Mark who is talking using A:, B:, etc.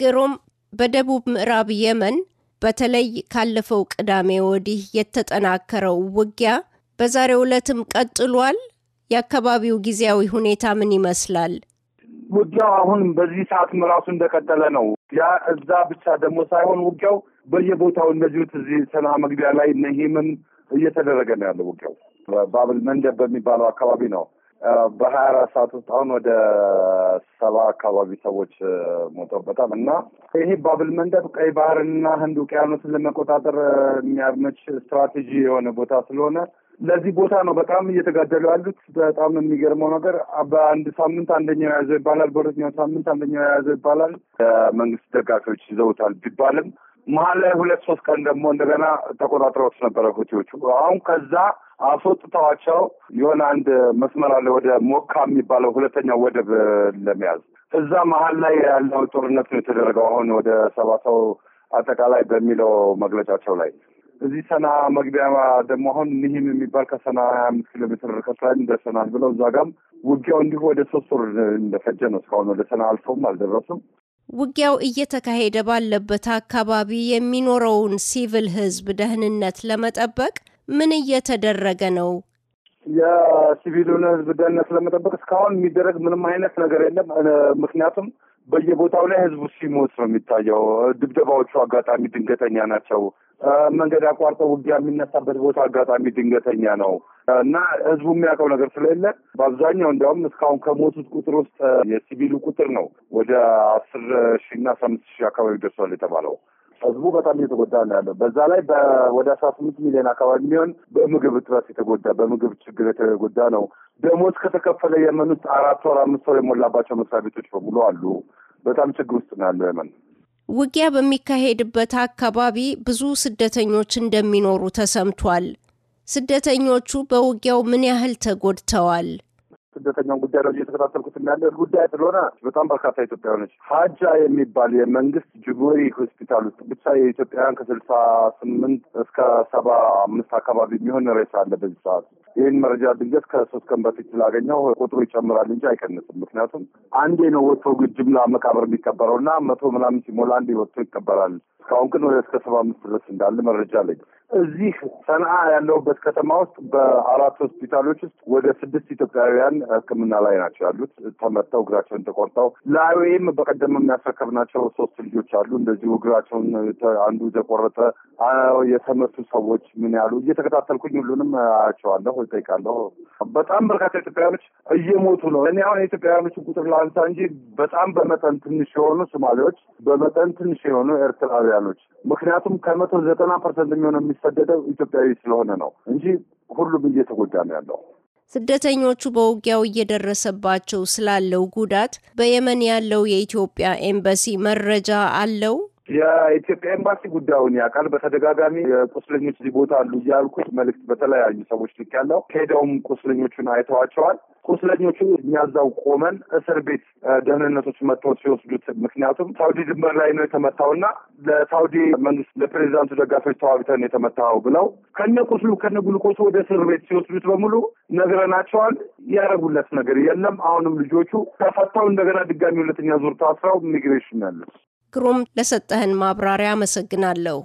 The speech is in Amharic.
A: ግሩም በደቡብ ምዕራብ የመን በተለይ ካለፈው ቅዳሜ ወዲህ የተጠናከረው ውጊያ በዛሬው ዕለትም ቀጥሏል። የአካባቢው ጊዜያዊ ሁኔታ ምን ይመስላል?
B: ውጊያው አሁን በዚህ ሰዓት ራሱ እንደቀጠለ ነው። ያ እዛ ብቻ ደግሞ ሳይሆን ውጊያው በየቦታው እንደዚሁ እዚህ ሰና መግቢያ ላይ ነሂምም እየተደረገ ነው ያለው ውጊያው። በባብል መንደብ በሚባለው አካባቢ ነው በሀያ አራት ሰዓት ውስጥ አሁን ወደ ሰባ አካባቢ ሰዎች ሞተውበታል እና ይህ ባብል መንደብ ቀይ ባህርና ህንድ ውቅያኖስን ለመቆጣጠር የሚያመች ስትራቴጂ የሆነ ቦታ ስለሆነ ለዚህ ቦታ ነው በጣም እየተጋደሉ ያሉት። በጣም የሚገርመው ነገር በአንድ ሳምንት አንደኛው የያዘው ይባላል፣ በሁለተኛው ሳምንት አንደኛው የያዘው ይባላል። መንግስት ደጋፊዎች ይዘውታል ቢባልም መሀል ላይ ሁለት ሶስት ቀን ደግሞ እንደገና ተቆጣጥረውት ነበረ ሁቲዎቹ አሁን ከዛ አስወጥተዋቸው የሆነ አንድ መስመር አለ ወደ ሞካ የሚባለው ሁለተኛው ወደብ ለመያዝ እዛ መሀል ላይ ያለው ጦርነት ነው የተደረገው። አሁን ወደ ሰባ ሰው አጠቃላይ በሚለው መግለጫቸው ላይ እዚህ ሰና መግቢያ ደግሞ አሁን ኒህም የሚባል ከሰና ሀያ አምስት ኪሎ ሜትር ርቀት ላይ እንደርሰናል ብለው እዛ ጋም ውጊያው እንዲሁ ወደ ሶስት ወር እንደፈጀ ነው። እስካሁን ወደ ሰና አልፈውም አልደረሱም።
A: ውጊያው እየተካሄደ ባለበት አካባቢ የሚኖረውን ሲቪል ህዝብ ደህንነት ለመጠበቅ ምን እየተደረገ ነው?
B: የሲቪሉን ህዝብ ደህንነት ለመጠበቅ እስካሁን የሚደረግ ምንም አይነት ነገር የለም። ምክንያቱም በየቦታው ላይ ህዝቡ ሲሞት ነው የሚታየው። ድብደባዎቹ አጋጣሚ ድንገተኛ ናቸው። መንገድ አቋርጠው ውጊያ የሚነሳበት ቦታ አጋጣሚ ድንገተኛ ነው እና ህዝቡ የሚያውቀው ነገር ስለሌለ በአብዛኛው እንዲያውም እስካሁን ከሞቱት ቁጥር ውስጥ የሲቪሉ ቁጥር ነው ወደ አስር ሺህ እና አስራ አምስት ሺህ አካባቢ ደርሷል የተባለው ህዝቡ በጣም እየተጎዳ ነው ያለው። በዛ ላይ ወደ አስራ ስምንት ሚሊዮን አካባቢ የሚሆን በምግብ እጥረት የተጎዳ በምግብ ችግር የተጎዳ ነው። ደሞዝ ከተከፈለ የመኑት አራት ወር አምስት ወር የሞላባቸው መስሪያ ቤቶች በሙሉ አሉ። በጣም ችግር ውስጥ ነው ያለው የመን።
A: ውጊያ በሚካሄድበት አካባቢ ብዙ ስደተኞች እንደሚኖሩ ተሰምቷል። ስደተኞቹ በውጊያው ምን ያህል ተጎድተዋል?
B: ስደተኛውን ጉዳይ ነው እየተከታተልኩት ያለ ጉዳይ ስለሆነ በጣም በርካታ ኢትዮጵያውያኖች ሀጃ የሚባል የመንግስት ጅቡሪ ሆስፒታል ውስጥ ብቻ የኢትዮጵያውያን ከስልሳ ስምንት እስከ ሰባ አምስት አካባቢ የሚሆን ሬሳ አለ በዚህ ሰዓት ይህን መረጃ ድንገት ከሶስት ቀን በፊት ስላገኘው ቁጥሩ ይጨምራል እንጂ አይቀንስም። ምክንያቱም አንዴ ነው ወጥቶ ጅምላ መቃብር የሚቀበረው እና መቶ ምናምን ሲሞላ አንዴ ወጥቶ ይቀበራል። እስካሁን ግን ወደ እስከ ሰባ አምስት ድረስ እንዳለ መረጃ አለኝ። እዚህ ሰንአ ያለሁበት ከተማ ውስጥ በአራት ሆስፒታሎች ውስጥ ወደ ስድስት ኢትዮጵያውያን ሕክምና ላይ ናቸው ያሉት ተመተው እግራቸውን ተቆርጠው ለአይኤም በቀደም የሚያስረከብናቸው ሶስት ልጆች አሉ እንደዚሁ እግራቸውን አንዱ የተቆረጠ የተመቱ ሰዎች ምን ያሉ እየተከታተልኩኝ ሁሉንም አያቸዋለሁ። እጠይቃለሁ። በጣም በርካታ ኢትዮጵያውያኖች እየሞቱ ነው። እኔ አሁን የኢትዮጵያውያኖች ቁጥር ላንሳ እንጂ በጣም በመጠን ትንሽ የሆኑ ሶማሌዎች፣ በመጠን ትንሽ የሆኑ ኤርትራውያኖች ምክንያቱም ከመቶ ዘጠና ፐርሰንት የሚሆነው የሚሰደደው ኢትዮጵያዊ ስለሆነ ነው እንጂ ሁሉም እየተጎዳ ነው ያለው።
A: ስደተኞቹ በውጊያው እየደረሰባቸው ስላለው ጉዳት በየመን ያለው የኢትዮጵያ ኤምባሲ መረጃ አለው?
B: የኢትዮጵያ ኤምባሲ ጉዳዩን ያውቃል። በተደጋጋሚ የቁስለኞች እዚህ ቦታ አሉ እያልኩት መልእክት በተለያዩ ሰዎች ልክ ያለው ሄደውም ቁስለኞቹን አይተዋቸዋል። ቁስለኞቹ እኛዛው ቆመን እስር ቤት ደህንነቶች መጥተው ሲወስዱት፣ ምክንያቱም ሳውዲ ድንበር ላይ ነው የተመታውና ለሳውዲ መንግስት ለፕሬዚዳንቱ ደጋፊዎች ተዋግተን የተመታው ብለው ከነ ቁስሉ ከነ ጉልቆሱ ወደ እስር ቤት ሲወስዱት በሙሉ ነግረናቸዋል። ያደረጉለት ነገር የለም። አሁንም ልጆቹ ተፈታው እንደገና ድጋሚ ሁለተኛ ዙር ታስረው ኢሚግሬሽን ያሉት
A: ግሩም፣ ለሰጠህን ማብራሪያ አመሰግናለሁ።